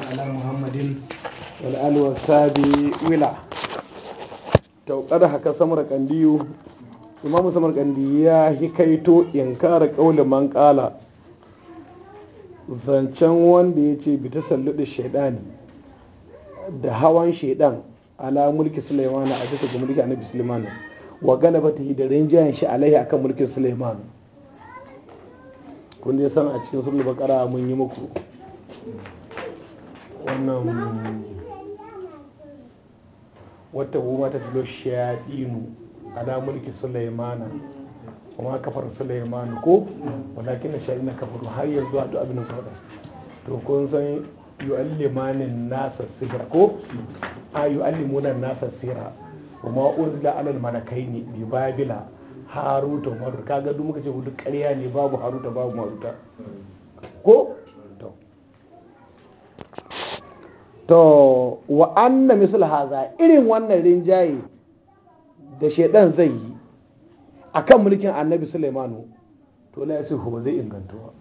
sallama ala muhammadin Al sabi wila taukar haka samar kandiyu imamu samar kandiyu ya hikaito in kara kaulin man kala zancen wanda ya ce bita da shaidani da hawan shaidan ala mulki suleiman a duka ga mulki annabi suleiman wa galaba ta hidarin shi alaihi akan mulkin suleiman kun dai san a cikin sulu bakara mun yi muku wannan wata goma ta tilo shaɗinu ala mulki sulaimana kuma kafar sulaimana ko walakin na shaɗina kafar har yanzu a abin da faɗa to kun san yu'allimanin nasa sihir ko a yu'allimunan nasa sihira kuma unzila alal malakai ne bi babila haruta maruta kaga duk muka ce duk ƙarya ne babu haruta babu maruta ko to wa anna misal haza irin wannan rinjaye da shaidan zai yi a kan mulkin annabi sulaimanu to la yasi ba zai inganta ba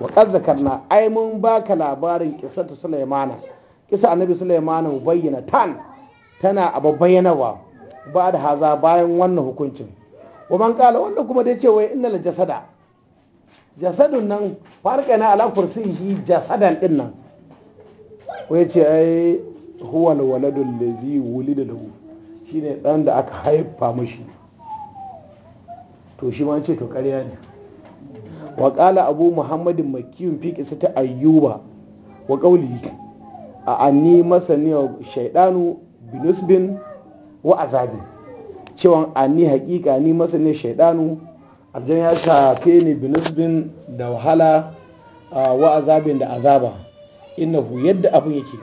wa zakar na, ai mun baka labarin kisatu sulaimana kisa annabi sulaimanu bayyana tan tana a bayyanawa ba da haza bayan wannan hukuncin wa man kala wanda kuma dai ce wai innal jasada jasadun nan farka na ala hi jasadan din nan wai ce ai huwal waladun lazi wulida lahu shine dan da aka haifa mashi to shi ma ce to ƙarya ne wa ƙala abu muhammadin makiyun fi ƙisa ta ayyuba wa ƙauli a anni masani shaidanu binusbin wa azabin cewa anni haƙiƙa ni masani shaidanu aljan ya shafe ni binusbin da wahala wa azabin da azaba innahu yadda abun yake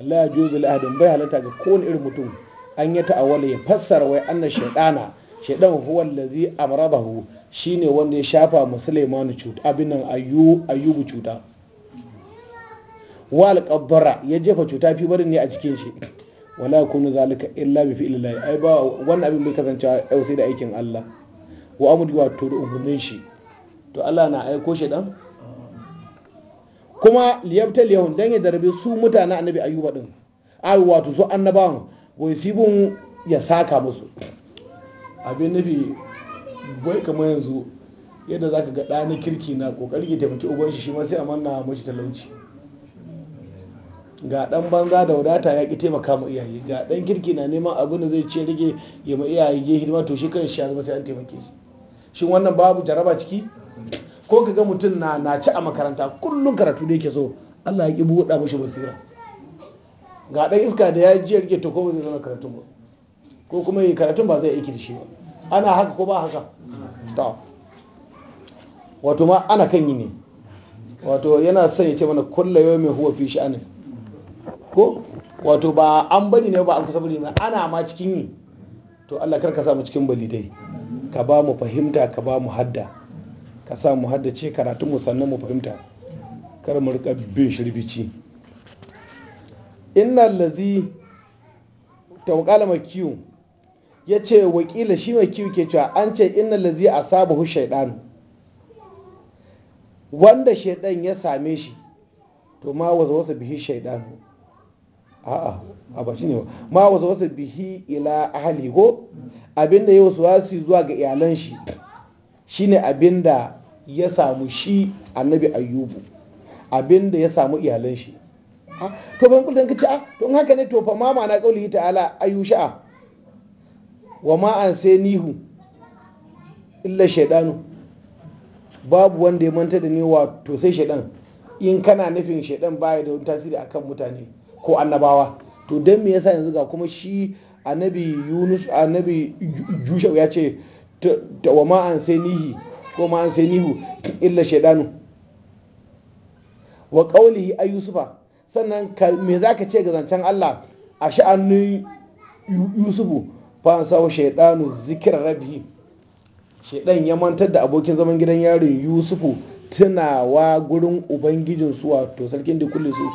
la juzu ahadin bai halatta ga kowane irin mutum an ya ta'awwala ya fassara wai anna shaytana shaytan huwa allazi amradahu shine wanda ya shafa musulmanu cuta abin nan ayyubu cuta wal qaddara ya jefa cuta fi barin ne a cikin shi wala kunu zalika illa bi fi'lillahi ai ba wannan abin bai kasancewa sai da aikin Allah wa amudi wa to da shi to Allah na aiko shi dan kuma liyabta yawon dan ya darbe su mutane annabi ayuba din ai wato su annabawan wai sibin ya saka musu abin nufi bai kama yanzu yadda zaka ga ɗa na kirki na kokari ya taimaki uban shi shi ma sai a manna mashi talauci ga dan banza da wadata ya ki taimaka ma iyaye ga dan kirki na neman abin da zai ce rage ya ma iyaye hidima to shi kan shi ya zama sai an taimake shi shin wannan babu jaraba ciki ko ga mutum na na ci a makaranta kullum karatu da yake so Allah ya ki buɗa mishi basira ga ɗan iska da ya ji ya rike to ko zai zama karatun ba ko kuma yi karatun ba zai aiki da shi ba ana haka ko ba haka to wato ma ana kan yi ne wato yana son ya ce mana kulla yau mai huwa fi sha'anin ko wato ba an bani ne ba an kusa bani ne ana ma cikin yi to Allah kar ka sa mu cikin balidai ka ba mu fahimta ka ba mu hadda ka sa mu haddace karatun sannan mu fahimta kar mu rika bin shirbici inna lazi tawqala makiyu yace wakila shi makiyu ke cewa an ce inna lazi asabahu shaytan wanda shaidan ya same shi to ma wasu wasu bihi shaidan a'a a ba ne ma wasu wasu bihi ila ahli ko abinda yau su wasu zuwa ga iyalan shi shine abin da ya samu shi annabi ayyubu abin da ya samu iyalan shi ah, to ban kudin kace a ah, to in haka ne to fa ma ma'ana ta ta'ala ayyusha wa ma an sai nihu illa shaidanu babu wanda ya manta da ni wato sai shaidan in kana nufin shaidan baya da tasiri akan mutane ko annabawa to dan me yasa yanzu ga kuma shi annabi yunus annabi yusha ya ce ta wa ma an sai nihi ko ma an sai nihu illa shaidanu wa ƙaunihi a yusufa sannan me za ka ce ga zancen Allah a sha'anin yusufu fa an sawo shaidanu zikirar rabihi. shaidan ya mantar da abokin zaman gidan yarin yusufu tunawa gurin ubangijin su wato sarkin da kulle su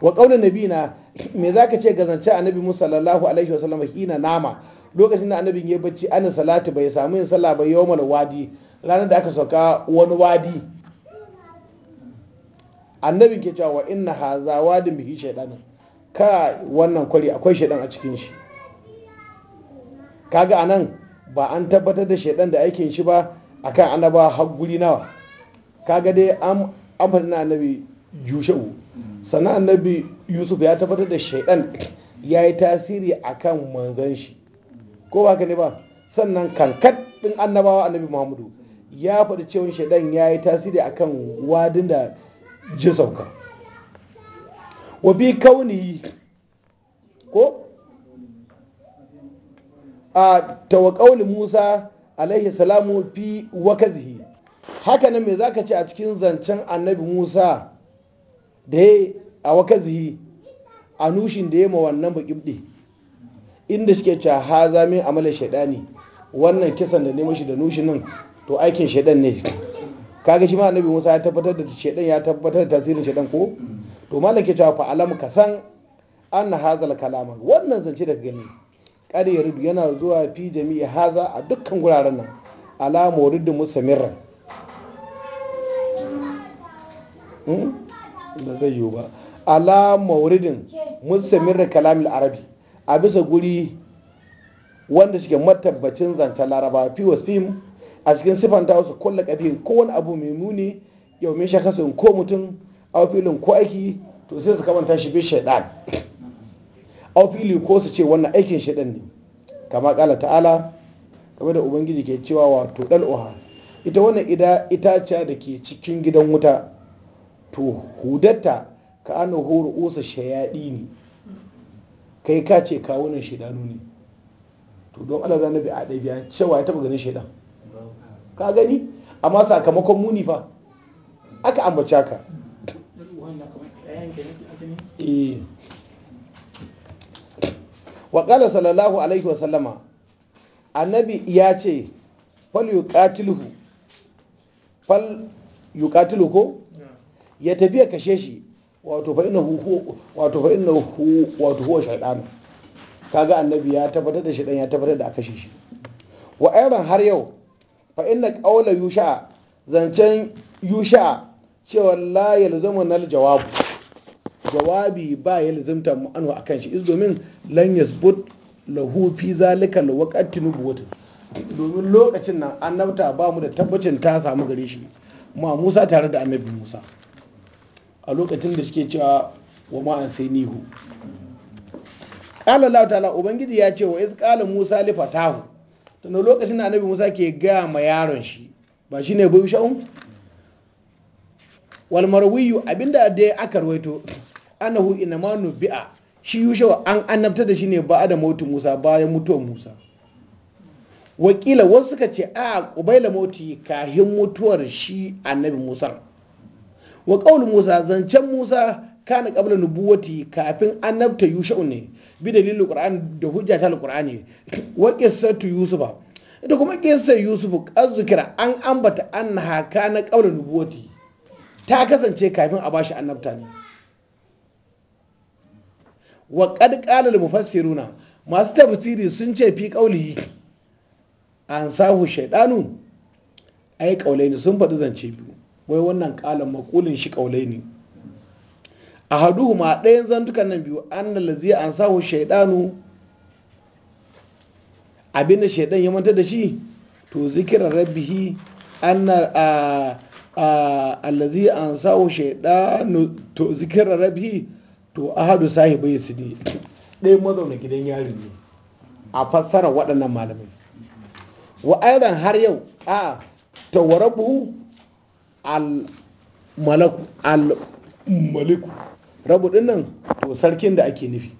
wa nabi nabina me za ka ce ga zancen annabi musa sallallahu alaihi wasallama hina nama lokacin da annabin ya bacci ana salatu bai samu yin sallah ba yawmal wadi ranar da aka sauka wani wadi annabin ke cewa inna haza wadin bihi shaydanin ka wannan kwari akwai shaidan a cikin shi kaga anan ba an tabbatar da shaidan da aikin shi ba akan annaba har guri nawa kaga dai am amfani na annabi jushau sannan annabi yusuf ya tabbatar da shaidan yayi tasiri akan manzon shi ko ba ka ne ba sannan kankat din annabawa annabi muhammadu ya faɗi cewa shaidan ya yi tasiri akan wadin da ji sauka wa bi kauni ko a tawakauli musa alaihi salamu fi wakazihi haka nan me zaka ce a cikin zancen annabi musa da ya a wakazihi a nushin da ya ma wannan baƙibɗi inda suke cewa ha zame amalar shaidani wannan kisan da neman shi da nushi nan to aikin shaidan ne kaga shi ma annabi Musa ya tabbatar da shaidan ya tabbatar da tasirin shaidan ko to malam ke cewa fa alam ka san anna hazal kalaman wannan zance da gani kada ya rudu yana zuwa fi jami'i haza a dukkan guraren nan ala mawridin musamirran da hmm? zai yiwu ba ala mawridin kalamil arabi a bisa guri wanda suke matabbacin zancen laraba POS fim a cikin sifanta wasu kulla kafin kowane abu mai muni yau min shakasin ko mutum a filin ko aiki to sai su kamanta shi bi shaidan A fili ko su ce wannan aikin shaidan ne kama kala ta'ala game da ubangiji ke cewa wato dal oha ita wannan itaciya da ke cikin gidan wuta to hudatta ka ana horo usa shayaɗi ne kai ka ce kawunan shaidanu ne to don Allah zan bi a biya cewa ya taɓa ganin shaidan ka gani amma sakamakon muni fa aka ambace ka eh. wa sallallahu alaihi wa sallama annabi ya ce fal yuqatiluhu ko ya tafi kashe shi wato fa ina hu wato huwa kaga annabi ya tabbatar da shaidan ya tabbatar da aka shi wa ayran har yau fa inna qawla yusha zancen yusha cewa la yalzamu nal jawab jawabi ba yalzamta mu anwa akan shi is domin lan yasbut lahu fi zalika alwaqti nubuwatu domin lokacin nan annabta ba mu da tabbacin ta samu gare shi ma Musa tare da annabi Musa a lokacin da suke cewa wa ma'an sai nihu qala Allah ubangiji ya ce wa iz qala Musa li fatahu tana lokacin da annabi Musa ke gaya ma yaron shi ba shine bai sha'un wal marwiyu abinda da aka rawaito annahu ma nubi'a shi yushawa an annabta da shi ne ba da mautu Musa bayan mutuwar Musa wakila wasu suka ce a ƙubaila mautu kahin mutuwar shi annabi Musa wa qaul musa zancen musa kana ƙabla nubuwati kafin annabta yusha'u ne bi dalilin ƙura'an da hujja ta ne, wa qissatu yusufa da kuma qissar yusufu azzukira an ambata annaha kana ƙabla nubuwati ta kasance kafin a bashi annabta ne wa mu mufassiruna masu tafsiri sun ce fi qaulihi an sahu ai ne sun faɗi zance biyu wai wannan kalan makulin shi kaulai ne a haduhuma ɗayan zantukan nan biyu an lazi an sahu shaidanu abinda shaidan ya manta da shi to zikira rabbihi anna a allazi an sahu shaidanu to zikira rabbihi to ahadu sahibai su ne ɗaya mazauna gidan yari ne a fassara waɗannan malamai wa har yau a tawarabu al maliku rabu dinnan to sarkin da ake nufi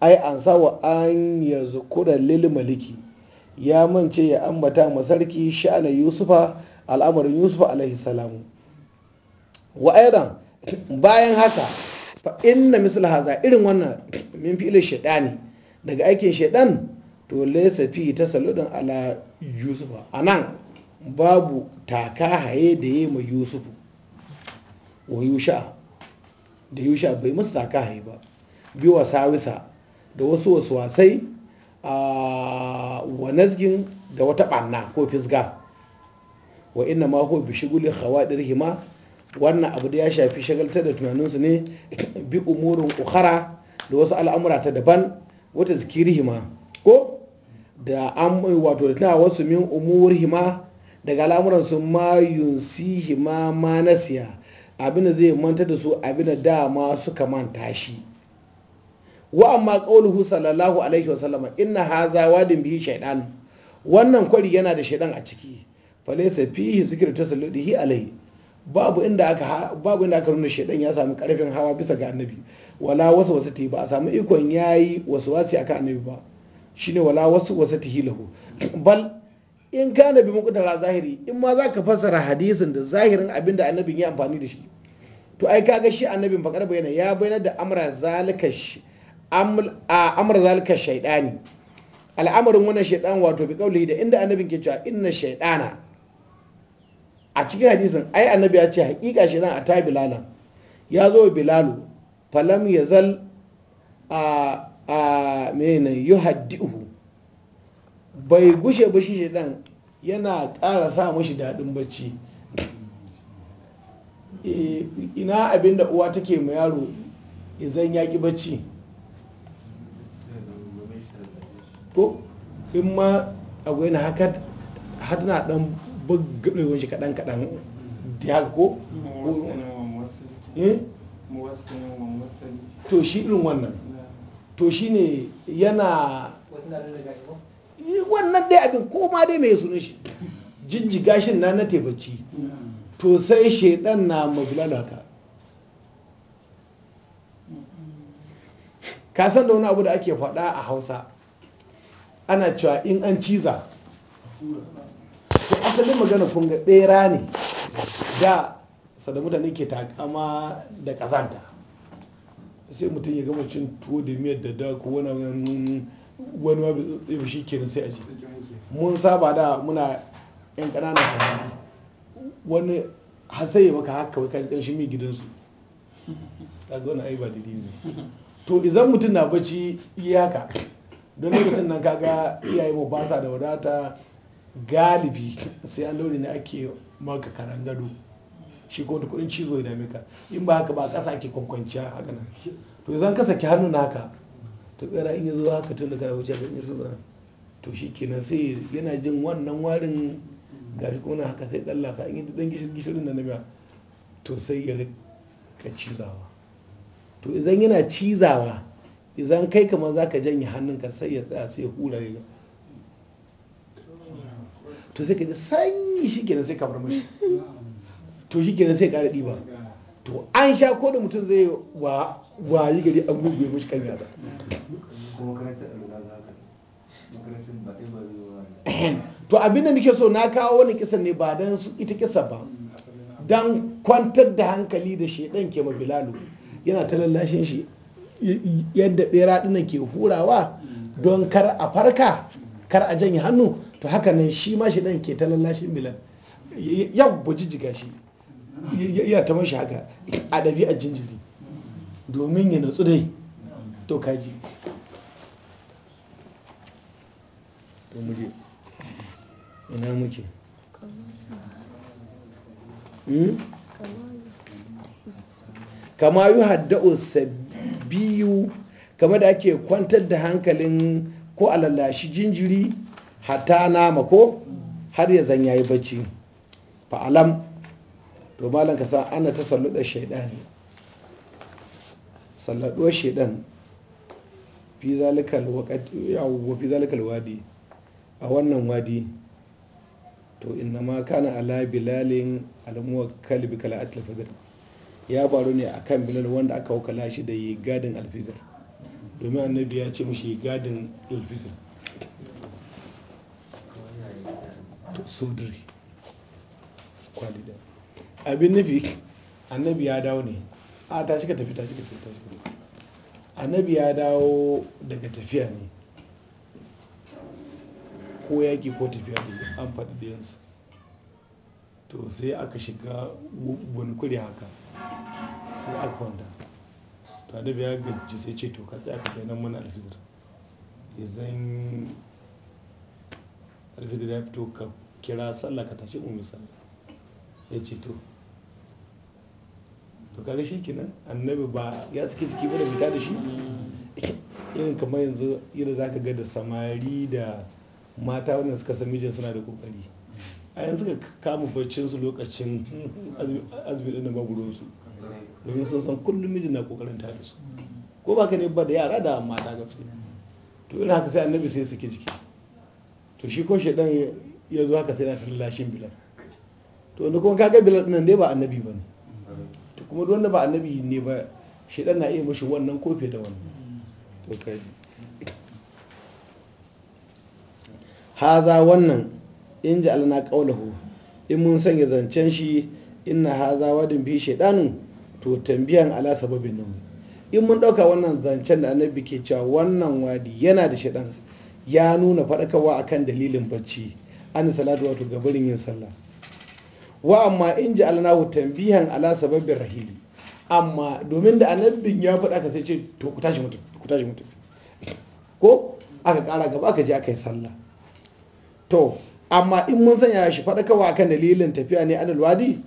ai an sawa an ya zukura lil maliki ya mance ya ambata ma sarki sha'ana yusufa al'amarin yusufa alaihi salamu wa aidan bayan haka fa inna misla haza irin wannan min fi'il ne, daga aikin shaiɗan to laysa fi tasalludun ala yusufa anan babu taka haye da ya ma yusufu wa yusha da yusha bai musu taka haye ba bi wasa da wasu wasu wasai wa nazgin da wata ɓanna ko fisga wa inna ma ko bishigulin hawaɗir hima wannan abu da ya shafi shagaltar da tunaninsu ne bi umurin ukhara da wasu al'amura ta daban wata zikirihima ko da an wato da wasu min umurihima daga al'amuransu ma yunsi ma ma nasiya abinda zai manta da su abinda dama suka manta shi wa amma qauluhu sallallahu alaihi wa sallama inna haza wadin bihi shaytan wannan kwari yana da shaytan a ciki falaysa fihi zikr tasalludihi alaihi babu inda aka babu inda aka nuna shaytan ya samu karfin hawa bisa ga annabi wala wasu wasu ti ba a samu ikon yayi wasu wasi akan annabi ba shine wala wasu wasu ti lahu bal in kana bi muqtara zahiri in ma zaka fassara hadisin da zahirin abin da annabin ya amfani da shi to ai ga shi annabin karba yana ya bayyana da amra zalika amra zalika shaydani al'amarin wannan shaydan wato bi kauli da inda annabin ke cewa inna shaydana a cikin hadisin ai annabi ya ce haƙiƙa shaydan a ta bilalan ya zo bilalu falam yazal a a menene yuhaddihu bai gushe ba shi ɗan yana ƙara sa mashi daɗin bacci eh, ina abin da uwa take mu yaro izan ya ƙi bacci to in ma akwai na haka hatana ɗan buggaɗewan shi kaɗan-kaɗan da haka ko eh? to shi irin wannan to shi ne yana wannan dai abin ko ma dai mai sunan shi Jinji gashin na na tebaci to sai shaidan na mabulala ka ka san da wani abu da ake faɗa a hausa ana cewa in an ciza to asalin magana kun ga ɗera ne da sada da ke takama da ƙazanta sai mutum ya gama cin tuwo da miyar da da ko wani wani ma bai shi kenan sai a ji mun saba da muna yan ƙananan sana'a wani hasaye maka haka wai kan ƙanshin mai gidansu kaga wani ai ba daidai ne to idan mutum na bacci iyaka don lokacin nan kaga iyaye mu ba sa da wadata galibi sai an lori ne ake maka karan gado shi ko da kudin cizo ya dame ka in ba haka ba ƙasa ake kwankwanciya haka nan to idan ka saki hannu naka to bera in yi zo haka tun da kana wuce yi isa zana to shi kenan sai yana jin wannan warin gashi kuma na haka sai dan lasa in yi dan gishir gishirin da na to sai ya rika cizawa to idan yana cizawa idan kai kamar za ka janye hannunka sai ya tsaya sai ya hula ya to sai ka ji sanyi shi kenan sai ka bar mashi to shi kenan sai ka ƙara ɗiba to an sha ko da mutum zai wa wayi gari a gugu mishi kan yada to abinda muke so na kawo wani kisan ne ba dan ita kisa ba Don kwantar da hankali da shaidan ke mabilalu yana ta lallashin shi yadda bera dina ke hurawa don kar a farka kar a janye hannu to hakanan shi ma shedan ke ta lallashin bilal yau buji jiga shi ya ta mashi haka a ɗabi'ar jinjiri domin ya natsu dai to kaji to muje ina muke hmm? kama yi hadda'u sabiyu kama da ake kwantar da hankalin ko alalashi jinjiri hata nama ko har ya zanya yi bacci fa'alam to malam ka sa ana ta shaidani salladuwar shaidan fi zalikal fi zalikal wadi a wannan wadi to inna ma kana ala bilalin alamuwa muwakkal kala kala'at al ya faru ne a kan bilal wanda aka wakala shi da yi gadin alfizar. domin annabi ya ce mishi gadin alfizar. to abin nufi annabi ya dawo ne a ta shi ka tafi ta shi ka tafi ta shi ka tafi annabi ya dawo daga tafiya ne ko yaƙi ko tafiya da an faɗi da yansu to sai aka shiga wani kuri haka sai aka kwanta to annabi ya gaji sai ce to ka tsaya ka kai nan mana alfizir yanzan alfizir ya fito ka kira sallah ka tashi umar sallah ya ce to to kaga shi kenan annabi ba ya suke jiki ba da fita da shi irin kamar yanzu irin ka ga da samari da mata wanda suka san mijin suna da kokari a yanzu ka kama baccin su lokacin azumi din da maguro su domin sun san kullum mijin na kokarin tare su ko ba ka ne ba da yara da mata gaske to irin haka sai annabi sai suke jiki to shi ko shaidan ya zo haka sai na ta lashin bilal to wani kuma kaga bilal nan dai ba annabi ba ne kuma wanda ba annabi ne ba shaidan na iya mashi wannan kofi da wannan to kaji haza wannan in ji Alana kaulahu in mun sanya zancen shi inna haza wadin bi shaidanu to tambiyan ala sababin nan in mun dauka wannan zancen da annabi ke cewa wannan wadi yana da shaidan ya nuna faɗakarwa akan dalilin bacci an salatu wato gabarin yin sallah wa amma in ji alnahu tambihan ala sababin rahili amma domin da annabin ya faɗa ka sai ce to ku tashi mutum ku tashi mutum ko aka ƙara gaba aka je aka yi sallah to amma in mun sanya shi faɗakarwa kan dalilin tafiya ne anil wadi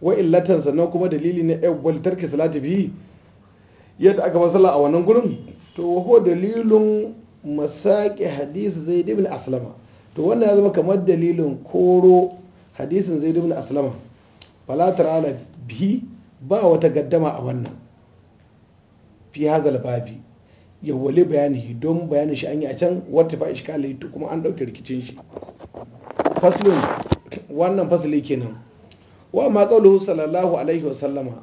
wa illatan sannan kuma dalili ne ɗaya eh, tarki salati bihi yadda aka masala a wannan gurin to ko dalilun masaki hadisi zai ibn aslama to wannan ya zama kamar dalilin koro hadisin zai ibn aslama fala tarana bihi ba wata gaddama a wannan fi hazal babi wali bayani don bayanin shi an yi a can wata fa iskali to kuma an dauke rikicin shi Faslin wannan fasali kenan wa ma qawluhu sallallahu alaihi wa sallama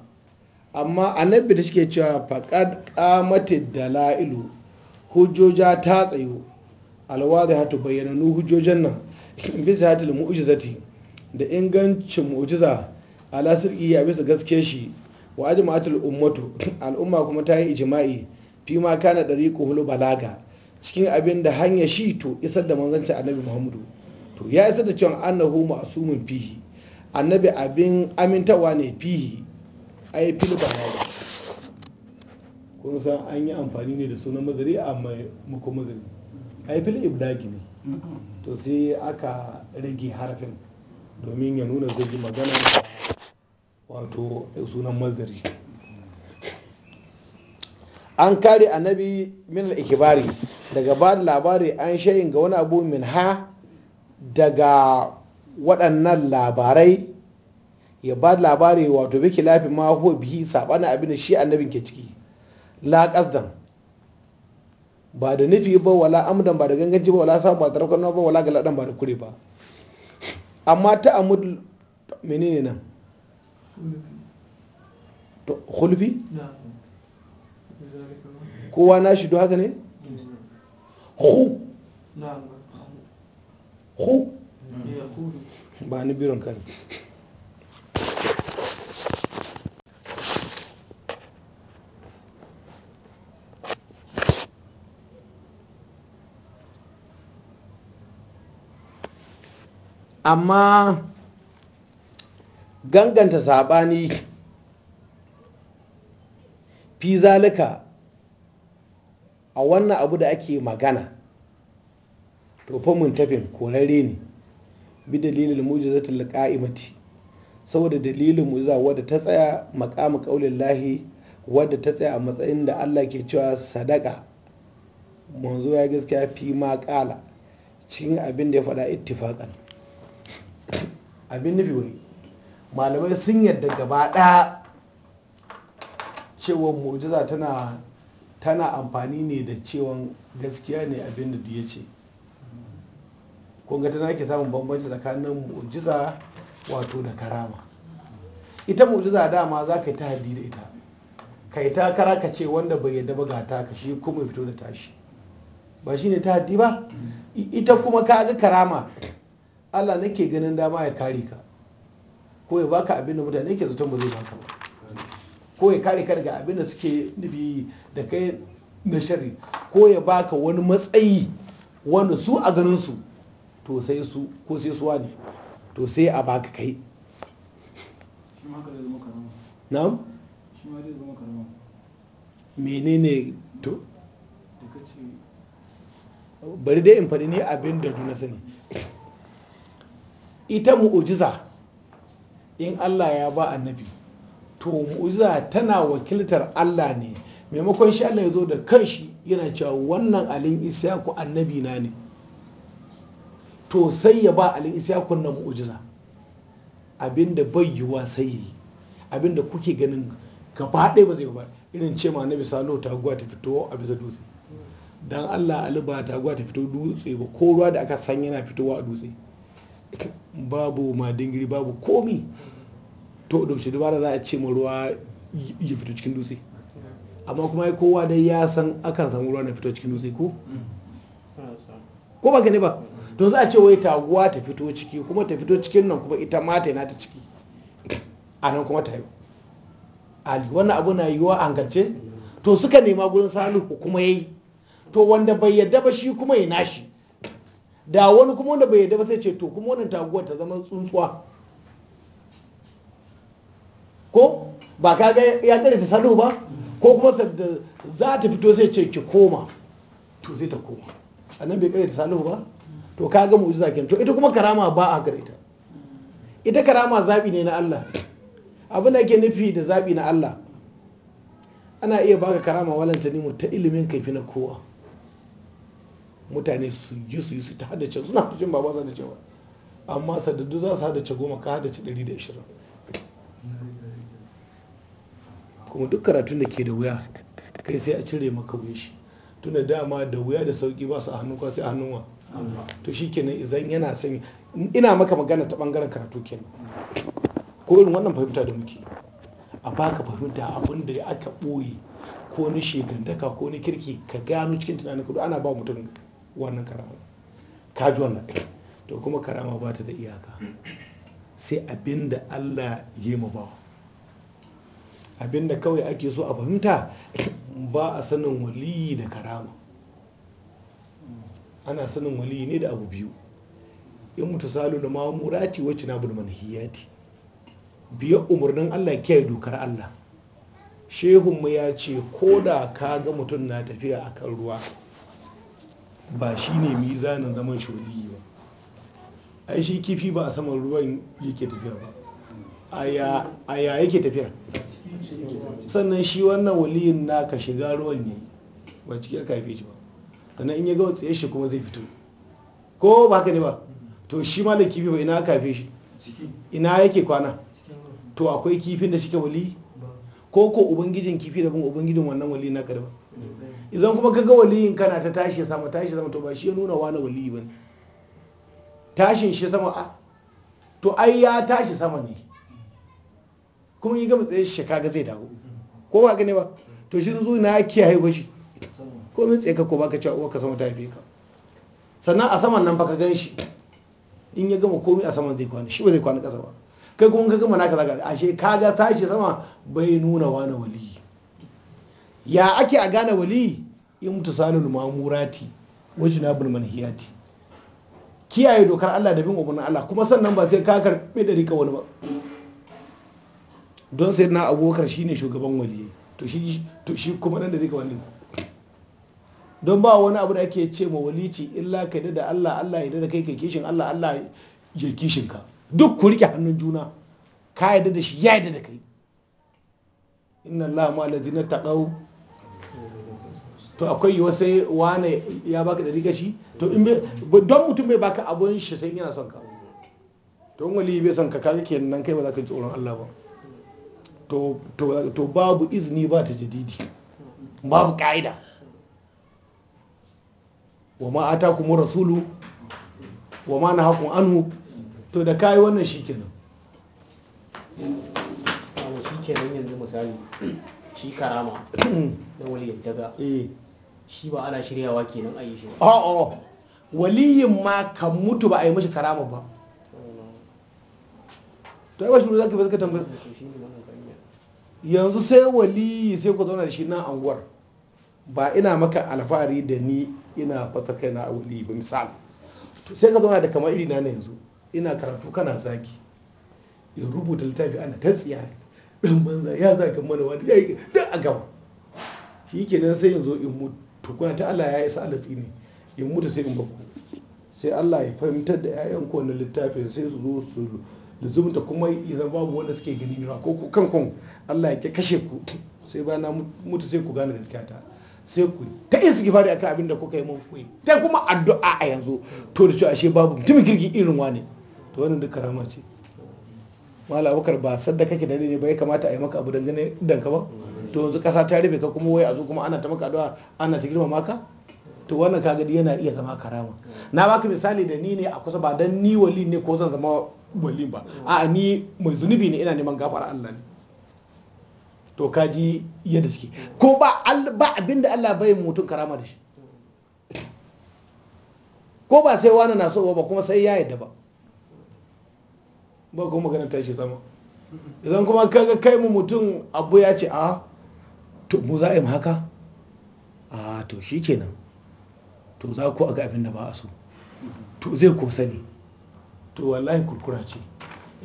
amma annabi da shike cewa faqad qamatid dalailu hujjoja ta tsayo alwadi hatu bayyana nu hujjojan nan bisa hatil mu'jizati da ingancin mu'jiza ala sirki a bisa gaske shi wa ajma'atul ummatu al'umma kuma ta yi ijma'i fi ma kana dariquhul balaga cikin abin da hanya shi to isar da manzancin annabi muhammadu to ya isar da cewa annahu ma'sumun fihi annabi abin amintawa ne fihi ai fil balaga kun san an yi amfani ne da sunan mazari amma muku mazari ai fil iblagi ne mm-hmm. to sai aka rage harafin domin ya nuna zai yi magana wato sunan mazari an kare annabi min ikibari daga ba da labari an shayin ga wani abu min ha daga waɗannan labarai ya ba da labari wato biki lafi ma ko bihi sabanin abin da shi annabin ke ciki la ba da nufi ba wala amdan ba da ganganci ba wala sabu ba da rakon ba wala galadan ba da kure ba amma ta amud menene nan hulbi kowa na shi haka ne hu hu ba ni biron kan amma ganganta sabani fi zalika a wannan abu da ake magana to fa mun tafin korare ne bi dalilin mujizatul qa'imati saboda dalilin mujiza wadda ta tsaya makamu qaulin lahi wadda ta tsaya a matsayin da Allah ke cewa sadaka manzo ya gaskiya fi ma kala cikin abin da ya faɗa ittifaqan abin nufi wai malamai sun yadda gaba ɗaya cewa mu'jiza tana amfani ne da cewan gaskiya ne abin da ya ce kunga tana ke samun bambanci tsakanin mu'jiza wato da karama ita mu'jiza dama za ka yi ta haddi da ita ka yi takara ka ce wanda bai yadda ba ga taka shi kuma fito da tashi ba shi ne ta haddi ba mm. ita kuma ka ga karama Allah nake ganin dama ya kare ka ko ya baka abin da mutane ke zaton ba zai baka ba ko ya kare ka daga abin da suke nufi da kai na shari ko ya baka wani matsayi wanda su a ganin su to sai su ko sai suwa ne to sai a baka kai na'am menene to bari dai in faɗi ni abin da na sani ita mu'ujiza in Allah ya ba annabi to mu'ujiza tana wakiltar Allah ne maimakon shi Allah ya zo da kanshi yana cewa wannan alin isyaku annabi na ne to sai ya ba alin isyakun na mu'ujiza abinda bai yiwa sai yi abinda kuke ganin gaba ɗaya ba zai ba irin ce ma annabi salo guwa ta fito a bisa dutse dan Allah Ali guwa ta fito dutse ba ko ruwa da aka san yana fitowa a dutse babu madingiri babu komi to daushe dubara za a ce ma ruwa ya fito cikin dutse amma kuma ya kowa dai ya san akan samu ruwa na fito cikin dutse ko ko ba gani ba to za a ce wai taguwa ta fito ciki kuma ta fito cikin nan kuma ita ma ta ta ciki a nan kuma ta yi ali wannan abu na yiwuwa a hankalce to suka nema gurin salihu kuma ya yi to wanda bai yadda ba shi kuma ya nashi da wani kuma wanda bai yadda ba sai ce to kuma wannan taguwar ta zama tsuntsuwa ko ba ka ga ya kare ta salo ba ko kuma sadda za ta fito sai ce ki koma to sai ta koma annan bai kare ta salo ba to ka ga mu'jiza kenan to ita kuma karama ba a gare ta ita karama zabi ne na Allah abin da ake nufi da zabi na Allah ana iya baka karama walanta ne mu ta ilimin kaifi na kowa mutane su yi su yi su ta hadace suna haddace ba ba su da cewa amma sadaddu za su hadace goma ka hadace ɗari da kuma duk karatun da ke da wuya kai sai a cire maka wuya shi tuna dama da wuya da sauki ba su a hannun kwasi a hannun wa to shi kenan izan yana son ina maka magana ta bangaren karatu kenan ko irin wannan fahimta da muke a baka fahimta abin da aka ɓoye ko ni shegantaka ko ni kirki ka gano cikin tunanin kudu ana ba mutum wannan karama ka ji wannan to kuma karama ba ta da iyaka sai abin Allah ya mu ba abin kawai ake so a fahimta ba a sanin waliyi da karama ana sanin waliyi ne da abu biyu in mutu salu da mamurati wacce na bulman hiyati biya umarnin Allah kiyaye dokar Allah shehunmu ya ce ko da ka ga mutum na tafiya akan ruwa ba shi ne mizanin zaman shi ba ai shi kifi ba a saman ruwan yake tafiya ba a ya yake tafiya sannan shi wannan waliyin ka shiga ruwan ne ba ciki aka haife shi ba sannan in ya ga tsaye shi kuma zai fito ko ba haka ne ba to shi ma da kifi ba ina aka haife shi ina yake kwana to akwai kifin da shi ke waliyi ko ko ubangijin kifi da daban ubangijin wannan wali na karba idan kuma kaga waliyin kana ta tashi sama tashi sama to ba shi ya nuna wani ba ne. tashin shi sama a to ai ya tashi sama ne kuma yi gaba tsaye shi kaga zai dawo ko ba gane ba to shi zuwa na haihuwa shi. ko min tsaye ka ko baka cewa uwa ka sama ta haife ka sannan a saman nan baka gan shi in ya gama komai a saman zai kwana shi ba zai kwana kasa ba kai kuma ka gama kaza zaka ashe kaga tashi sama bai nuna wani wali ya ake a gane wali In mutasalul mamurati abu'l manhiyati kiyaye dokar Allah da bin umarnin Allah kuma sannan ba sai ka karbe da rika wani ba don sai na abokar shine shugaban wali to shi kuma nan da rika wani don ba wani abu da ake ce ma walici illa ka da Allah Allah ya da kai kai kishin Allah Allah ya kishin ka duk ku rike hannun juna ka yadda da shi ya yadda da kai inna Allah ma lazina taqaw to akwai yiwa sai wane ya baka da rigashi to in don mutum bai baka abun shi sai yana son ka to in wali bai son ka kaga nan kai ba za ka ji tsoron Allah ba to to to babu izini ba ta jadidi babu ka'ida wa ma atakumur rasulu wa ma nahakum anhu to da kayi wannan shi kawo shi nan yanzu misali shi karama na waliyin daga eh. shi ba ana shiryawa kenan a yi shi a'a waliyin ma kan mutu ba a yi mashi karama ba to mashi ruzaki ba suka tambar yanzu sai waliyi sai ku zauna da shi nan anguwar ba ina maka alfahari da ni ina fasa kaina a waliyi ba misali sai ka zauna da kamar irina na yanzu ina karatu kana zaki ya rubuta littafi ana ta tsiya dan banza ya zaka mana wani ya duk a gaba shi kenan sai in zo in mutu kuna ta Allah ya isa Allah tsini in mutu sai in baku sai Allah ya fahimtar da 'ya'yan ku littafi sai su zo su luzumta kuma idan babu wanda suke gani nuna ko ku kan kun Allah ya kashe ku sai ba na mutu sai ku gane gaskiya ta sai ku ta yi suke fari akan abin da kuka yi mun kuyi ta kuma addu'a a yanzu to da cewa ashe babu mutumin kirki irin wane to wannan duk karama ce mala abubakar ba sadda kake da ne ba ya kamata a yi maka abu dangane idan ka ba to yanzu kasa ta rufe ka kuma wai a zo kuma ana ta maka addu'a ana ta girmama ka to wannan ka gadi yana iya zama karama na baka misali da ni ne a kusa ba dan ni wali ne ko zan zama wali ba a ni mai zunubi ne ina neman gafara Allah ne to ka ji yadda suke ko ba ba abinda Allah bai mutum karama da shi ko ba sai wani na so ba kuma sai ya yadda ba ba kuma magana tashi sama idan kuma kaga kai mu mutum abu ya ce a ah, to mu za a yi haka a ah, to shi kenan to za ku ga abin da ba a so to zai ko sani to wallahi kurkura ce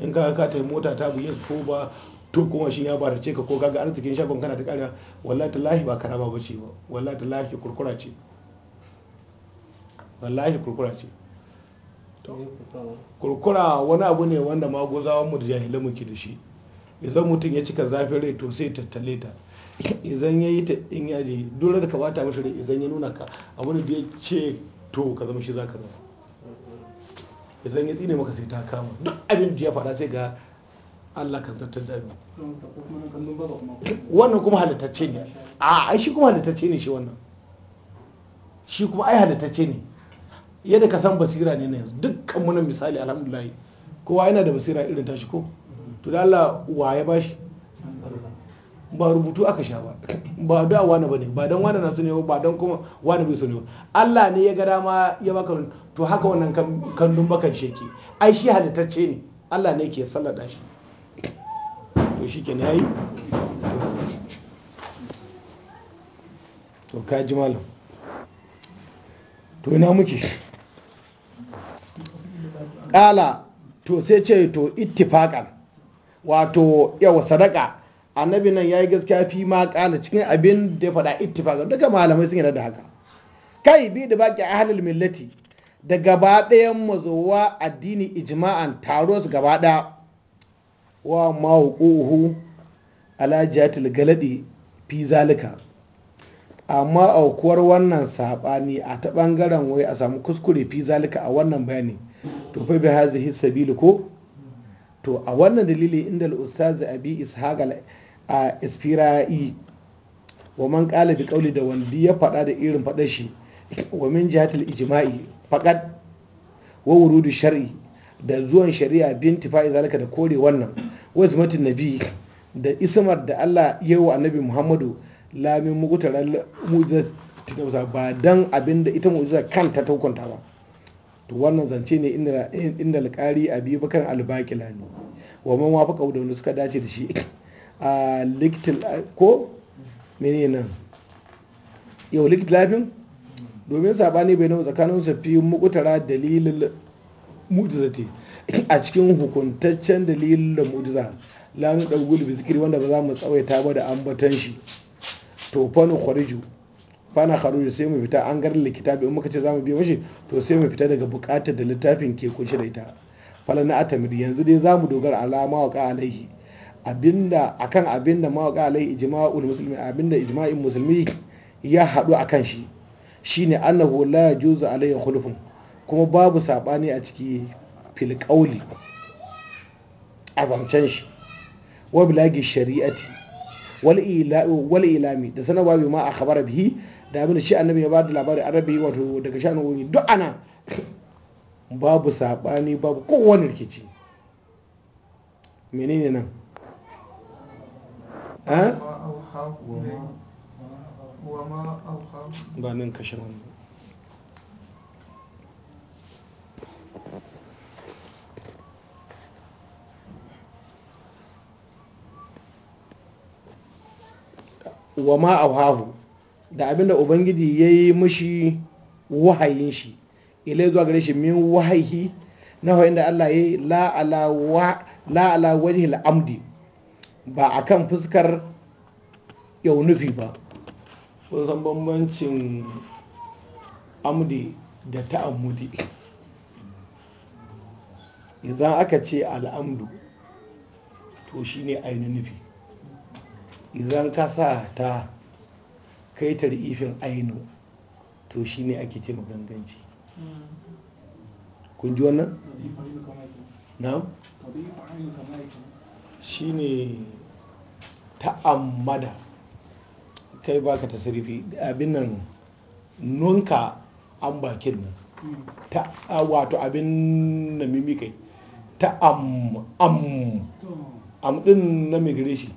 in ka ka ta mota ta buye ko ba to kuma shi ya barace ka ko kaga arzikin shagon kana ta kara wallahi tallahi ba karama ba ce ba wallahi tallahi kurkura ce wallahi kurkura ce Eh, kurkura wani abu ne wanda maguzawan mu da jahilan muke da shi idan mutum ya cika zafin rai to sai tattale ta idan ya yi ta in ya dole da kamata mashi rai idan ya nuna ka abu ne da ya ce to ka zama shi za ka zama idan ya tsine maka sai ta kama duk abin da ya faɗa sai ga Allah kan tattar da abin wannan kuma halittacce ne a shi kuma halittacce ne shi wannan shi kuma ai halittacce ne yadda ka san basira ne na yanzu dukkan munan misali alhamdulillah kowa yana da basira irin tashi ko to da Allah wa ya bashi ba rubutu aka sha ba ba da wani bane ba dan wani na so ne ba dan kuma wani bai so ne Allah ne ya ga dama ya baka to haka wannan kandun bakan sheke ai shi halittacce ne Allah ne ke sallada shi to shikenan yayi to kaji malam to ina muke kala to sai ce to ittifakan wato yawa sadaka annabi nan ya yi gaskiya fi ma kala cikin abin da ya faɗa ittifakan duka malamai sun yarda da haka kai bi da baki ahlul millati da gaba ɗayan mazowa addini ijma'an taro su gaba ɗaya wa mahuquhu ala jihatil galadi fi zalika amma aukuwar wannan saɓani a ta ɓangaren wai a samu kuskure fi zalika a wannan bayani to fa bi hazihi sabili ko to a wannan dalili inda al-ustaz abi ishaq al-isfira'i wa man qala bi qawli da wanda ya faɗa da irin faɗa shi wa min jihatil ijma'i faqat wa wurudu shar'i da zuwan shari'a bin tifa'i zalika da kore wannan wa izmatin nabi da ismar da Allah ya wa annabi Muhammadu lamin mugutaran mu'jizatin ba dan abinda ita mujizar kanta ta hukunta ba to wannan zance ne inda alƙari bakan bakar ne wa man wafaqa da wanda suka dace da shi a likitin ko mene nan yau likitin lafin domin sabani bai nawa tsakanin su fi mukutara dalilin mu'jizati a cikin hukuntaccen dalilin mu'jiza lanu nu dawul wanda ba za mu tsawaita ba da ambatan shi to fa kwariju fana kharuju sai mu fita an garin likitabi in muka ce zamu biyo mashi to sai mu fita daga bukatar da littafin ke kunshi da ita falan na atamir yanzu dai zamu dogara ala mawaka alaihi abinda akan abinda mawaka alaihi ijma'ul muslimin abinda ijma'in musulmi ya hadu akan shi shine annahu la yajuzu alaihi khulufun kuma babu sabani a ciki fil qawli a zancen shi wa bilagi shari'ati wal ilami da sanarwa bai ma a khabara bihi da abin da shi annabi ya ba da labarin arabi wato daga sha'anin wuni duk ana babu saɓani babu kowane rikici menene nan ba nan kashe wani wa ma auhahu da abin da ubangiji ya yi mishi wahayin shi ilai zuwa gare shi min wahayi na wahayin da Allah ya yi la ala al'amdi ba a kan fuskar yau nufi ba kun san bambancin amdi da ta'amudi idan aka ce al'amdu to shine ainihin nufi idan ka sa ta kai ta ifin aino to shi ne ake ce maganganci kun ji wannan? na? shi ne ta'ammada kai baka ta sarfi abin nan nunka an bakin nan ta wato abin na mimi kai ta am am am din na migire shi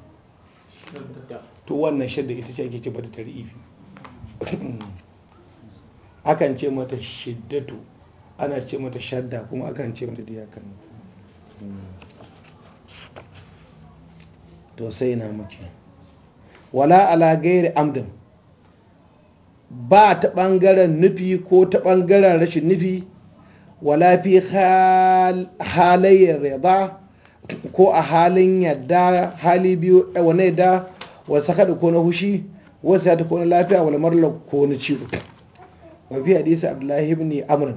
to wannan shadda ita ce ake ce mata tar'ifi akan ce mata shiddatu ana ce mata shadda kuma akan ce mata diyakan to sai na muke wala ala gairi amdin ba ta ɓangaren nufi ko ta ɓangaren rashin nufi wala fi halayyar ba ko a halin yadda hali biyu wani yadda wasu haɗu ko na hushi wasu ya ta ko lafiya wani marla ko na ciwo wa fi hadisi abdullahi ibn amr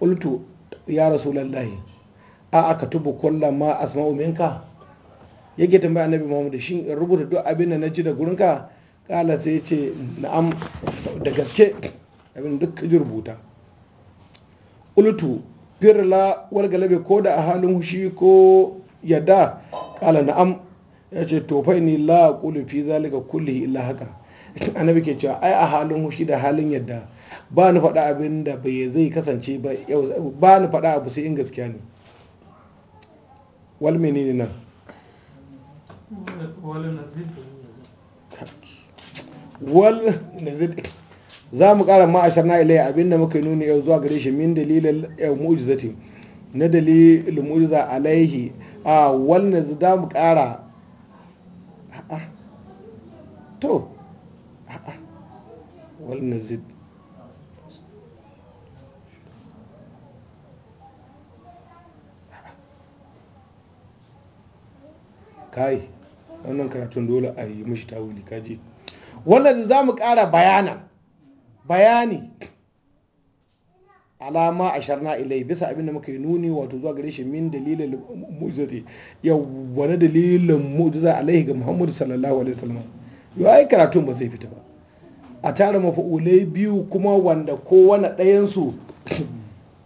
qultu ya rasulullahi a aka tubu kwallon ma asma'u minka yake tambaya annabi muhammad shi in rubuta duk abin da na ji da gurinka kala sai ce na'am da gaske abin duk ji rubuta qultu firla wal galabe ko da a halin hushi ko yadda kala na'am ya ce to fa ni la kulu fi zalika kulli illa haka annabi ke cewa ai a halin hushi da halin yadda ba ni faɗa abin da bai zai kasance ba yau ba ni faɗa abu sai in gaskiya ne wal menene nan wal nazid za mu ƙara ma'ashar na ilayya abin da muka nuni yau zuwa gare shi min dalilin eh, mu'jizatin na dalilin mu'jiza alaihi a wal nazid za mu ƙara to a'a wal nazid kai wannan karatun dole a yi mishi tawuli kaji wannan za mu ƙara bayana bayani alama asharna ilai bisa abinda muka yi nuni wato zuwa gare shi min dalilin mu'jizati ya wani dalilin mu'jiza alaihi ga muhammadu sallallahu alaihi wasallam yau ai karatun ba zai fita ba a tara mafa'ulai biyu kuma wanda kowane ɗayansu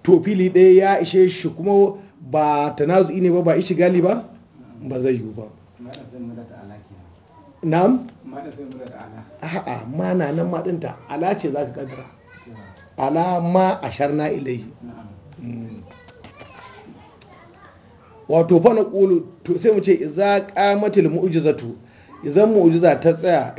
to fili ɗaya ya ishe shi kuma ba ta nazu ne ba ba ishi gali ba ba zai yiwu ba na'am a'a ma na nan maɗinta ala ce za ka ƙaddara ala ma a sharna ilai wato fana na ƙulu sai mu ce iza ƙamatil mu'jizatu idan mu'ujiza ta tsaya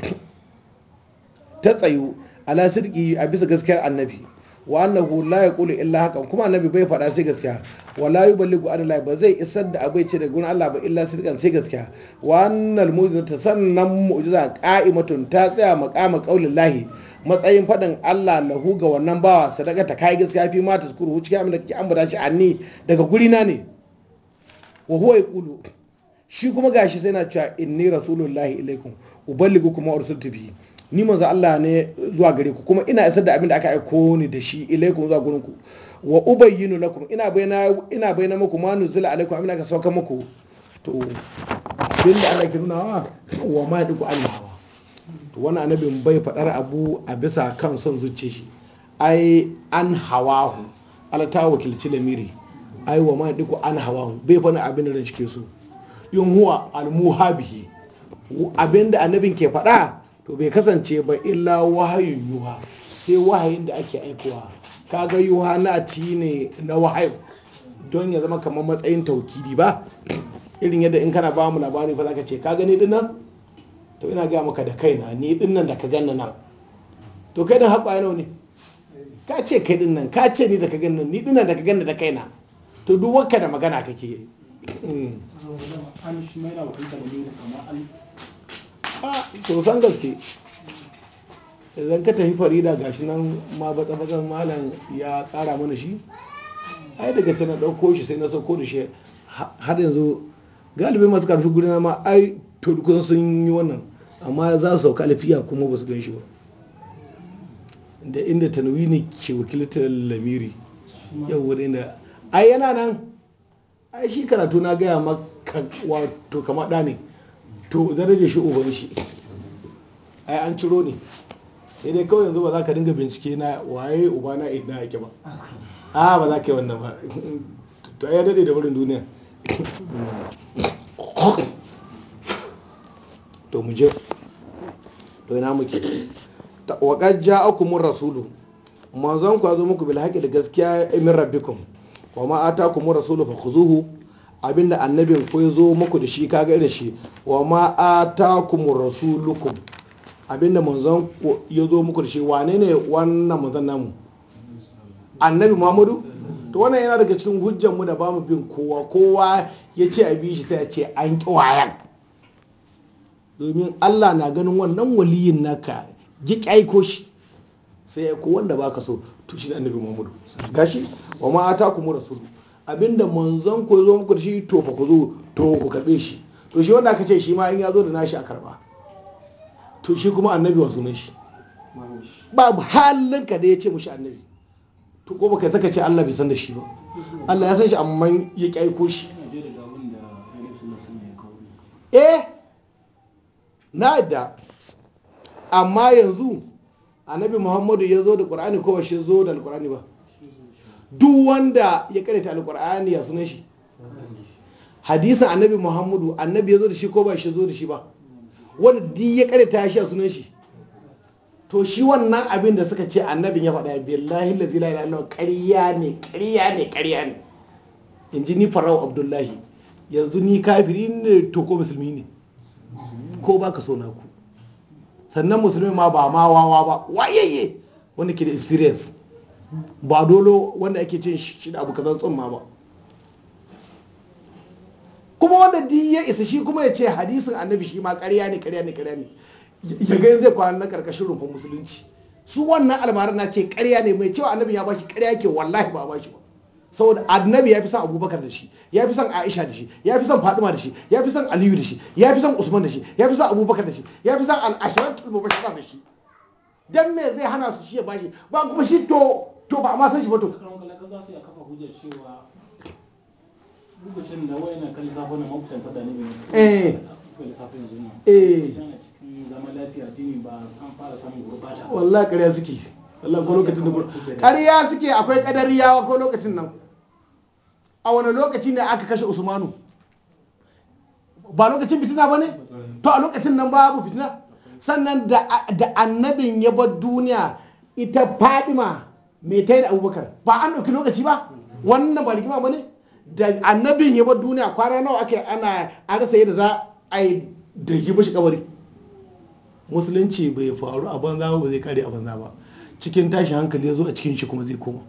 ta tsayu ala sirki a bisa gaskiyar annabi wa annahu la yaqulu illa hakan kuma annabi bai fada sai gaskiya wa la yuballighu an ba zai isar da abai ce da gurin Allah ba illa sirkan sai gaskiya wa annal mu'jizata sannan mu'jiza qa'imatun ta tsaya maqama qaulillahi matsayin faɗin Allah lahu ga wannan bawa sadaka ta kai gaskiya fi ma tazkuru cikin amma da an bada shi anni daga gurina ne wa huwa yaqulu shi kuma gashi sai na cewa inni rasulullahi ilaikum uballigu kuma ursultu bihi ni manzo Allah ne zuwa gare ku kuma ina isar da abin da aka aiko ni da shi ilaikum zuwa gurin ku wa ubayyinu lakum ina bayyana ina bayyana muku ma nuzila alaikum abin da aka sauka muku to bin da Allah ke nunawa wa ma duku Allah to wannan annabin bai fadar abu a bisa kan son zuciye shi ai an hawahu Allah ta wakilci lamiri ai wa ma duku an hawahu bai fana abin da ran cike su so Yin huwa almuhabihi abinda annabin ke faɗa to bai kasance ba illa wahayin yuha sai wahayin da ake aikowa kaga yuha na ci ne na wahayi don ya zama kamar matsayin taukidi ba irin yadda in kana ba mu labari fa zaka ce ka gani nan? to ina gaya maka da kaina ni nan da ka ganna nan to kai din haƙwa nawa ne ka ce kai nan, ka ce ni da ka ganna ni nan da ka ganna da kaina to duk wanka da magana kake sosan gaske idan ka tafi farida gashi nan ma batsa batsan malam ya tsara mana shi ai daga tana ɗauko shi sai na sauko da shi har yanzu galibi masu karfi na ma ai turkun sun yi wannan amma za su sauka lafiya kuma ba su gan shi ba da inda tanwini ke wakiltar lamiri yau wadanda ai yana nan ai shi karatu na gaya maka wato kama ɗa ne to darajar shi uban shi ai an ciro ne sai dai kawai yanzu ba za ka dinga bincike na waye uba na idan ake ba a ba za ka yi wannan ba to ya daɗe da wurin duniya to mu je to ina muke wa qad ja'akumur rasulu manzon ku zo muku bil haqqi da gaskiya min rabbikum wa ma atakum rasulu fakhuzuhu abinda annabin ku zo muku da shi kaga da shi wa ma rasulukum abinda manzon ya zo muku da shi wane ne wannan manzon namu annabi muhammadu to wannan yana daga cikin hujjan mu da ba mu bin kowa kowa ya ce a shi sai a ce an ki domin Allah na ganin wannan waliyin naka ji ko shi sai ya ko wanda baka so to shi ne annabi muhammadu gashi wa ma ata mu rasulu abinda manzon ku zo muku da shi to fa ku zo to ku karbe shi to shi wanda aka ce shi ma in ya zo da nashi a karba to shi kuma annabi wa sunan shi babu halin ka da ya ce mushi annabi to ko baka saka ce Allah bai san da shi ba Allah ya san shi amma ya ki aiko shi eh na da amma yanzu annabi muhammadu ya zo da qur'ani ko ba shi zo da alqur'ani ba duk wanda ya karanta alqur'ani ya sunan shi hadisin annabi muhammadu annabi ya zo da shi ko ba shi zo da shi ba wanda duk ya karanta shi a sunan shi to shi wannan abin da suka ce annabin ya faɗa billahi lazi la ilaha illallah ƙarya ne ƙarya ne ƙarya ne in ni farau abdullahi yanzu ni kafiri ne to ko musulmi ne ko baka so naku sannan musulmi ma ba ma wawa ba wayayye wanda ke da experience ba dolo wanda ake cin shi da abu kazan tsumma ba kuma wanda di ya isa shi kuma ya ce hadisin annabi shi ma karya ne karya ne ƙarya ne ya ga zai kwana na karkashin rumfin musulunci su wannan almarar na ce karya ne mai cewa annabi ya bashi karya ke wallahi ba bashi ba saboda annabi ya fi son abubakar da shi ya fi son aisha da shi ya fi son fatima da shi ya fi son aliyu da shi ya fi son usman da shi ya fi son abubakar da shi ya fi son al'asharatul mubashara da shi dan me zai hana su shi ya bashi ba kuma shi to to ba ma san shi ba to da kan lissafo na da ne eh eh lafiya jini ba san fara samun gurbata wallahi kariya suke Allah ko lokacin da ƙarya suke akwai ƙadariyawa ko lokacin nan a wani lokaci ne aka kashe usmanu ba lokacin fitina ba ne to a lokacin nan babu fitina sannan da annabin ya bar duniya ita fadima mai tayar abubakar ba an ɗauki lokaci ba wannan ba rigima ba ne da annabin ya bar duniya kwana nawa ake ana a rasa yadda za a yi da shi kabari musulunci bai faru a banza ba zai kare a banza ba cikin tashin hankali ya zo a cikin shi kuma zai koma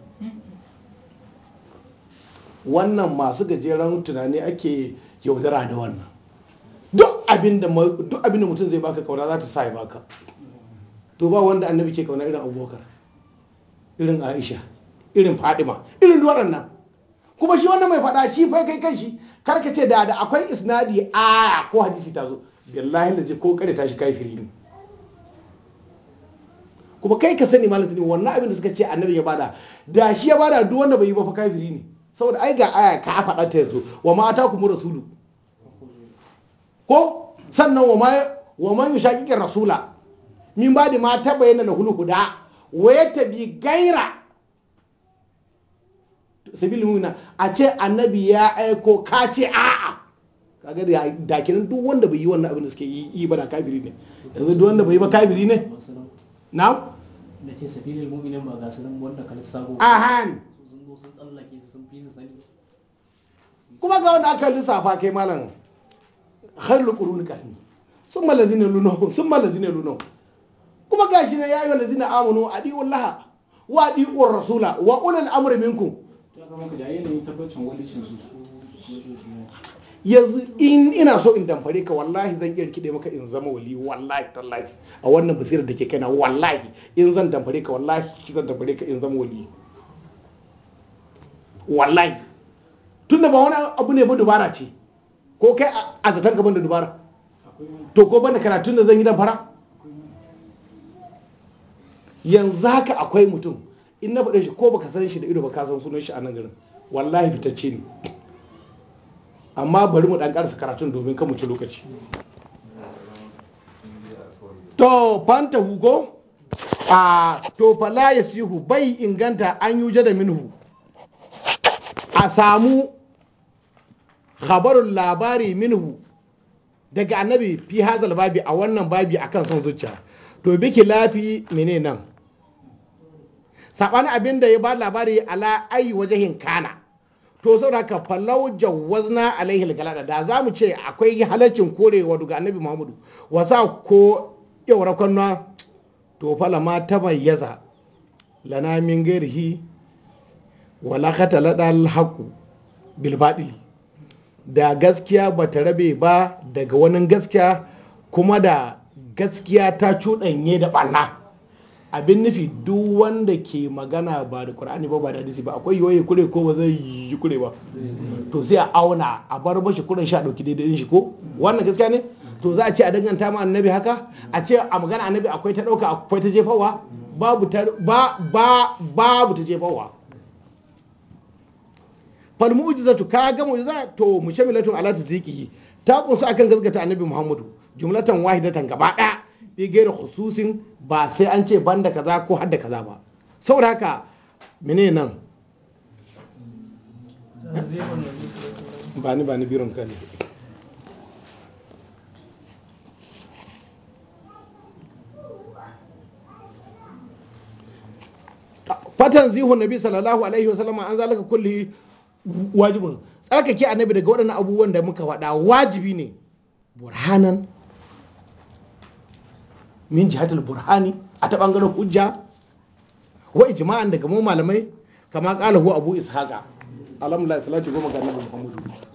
wannan masu gajeren tunani ake yaudara da wannan duk abin mutum zai baka kauna za ta sa ya baka to ba wanda annabi ke kauna irin abubakar irin aisha irin fadima irin waɗannan kuma shi wanda mai faɗa shi fai kai kan shi karka ce da da akwai isnadi aya ko hadisi ta zo billahi da ko kare tashi kafiri ne kuma kai ka sani malam tunin wannan abin da suka ce annabi ya bada da shi ya bada duk wanda bai yi ba fa kafiri ne saboda ai ga aya ka faɗa ta yanzu wa ma mu rasulu ko sannan wa ma wa man yushaqiqir rasula min ba'di ma tabayyana lahu huda wa yatabi gaira sabilin muna a ce annabi ya aiko ka ce a'a kaga da dakinan duk wanda bai yi wannan abin da suke yi ba da kafiri ne yanzu duk wanda bai yi ba kafiri ne na'am na ga wanda kan sabo sun kuma ga aka lissafa kai malam khairu qurun qarni sun malazina luno sun malazina luno kuma gashi ne yayi walazina amanu adi laha wa ur rasula wa ulul amri minkum yanzu in ina so in damfare ka wallahi zan iya rikide maka in zama wali wallahi tallahi a wannan basirar da ke kaina wallahi in zan damfare ka wallahi zan damfare ka in zama wali wallahi tunda ba wani abu ne ba dubara ce ko kai a zaton gaban da dubara to ko banda karatun da zan yi damfara yanzu haka akwai mutum in na faɗe shi ko baka san shi da ido ba ka san sunan shi a nan garin wallahi fitacce ne amma bari mu dan karasa karatun domin kan mu ci lokaci to fanta hugo a to fala ya sihu bai inganta an yuje da minhu a samu khabarul labari minhu daga annabi fi hazal babi a wannan babi akan son zuciya to biki lafi mene nan Saɓan abin da ya ba labari ala ayi wajahin kana to saboda haka falau jawazna alaihi galada da za mu ce akwai halaccin korewa daga annabi muhammadu wasa ko yawar kwanna to fala ma ta bayyaza lana min gairihi wala katalada alhaqu bil baɗili da gaskiya ba ta rabe ba daga wani gaskiya kuma da gaskiya ta cuɗanye da ɓanna abin nufi duk wanda ke magana ba da qur'ani ba ba da hadisi ba akwai ya kure ko ba zai yi kure ba to sai a auna a bar mashi kuren sha dauki daidai shi ko wannan gaskiya ne to za a ce a danganta ma annabi haka a ce a magana annabi akwai ta dauka akwai ta jefawa babu ta ba ba babu ta jefawa fal mu'jizatu ka ga mu'jiza to mushamilatun ala tazikihi ta kunsu akan gaskata annabi Muhammadu jumlatan wahidatan gaba daya bi da khususin ba sai an ce banda kaza ko hadda kaza ba saboda haka mene nan bani bani biron ne fatan zihun nabi sallallahu alaihi wasallam an zalika kulli wajibin tsarkake annabi daga waɗannan abubuwan da muka faɗa wajibi ne burhanan min jihatul burhani a ta bangaren hujja wa ijma'an daga mu malamai kama kala hu abu ishaqa alhamdulillah salatu goma ga nabi muhammadu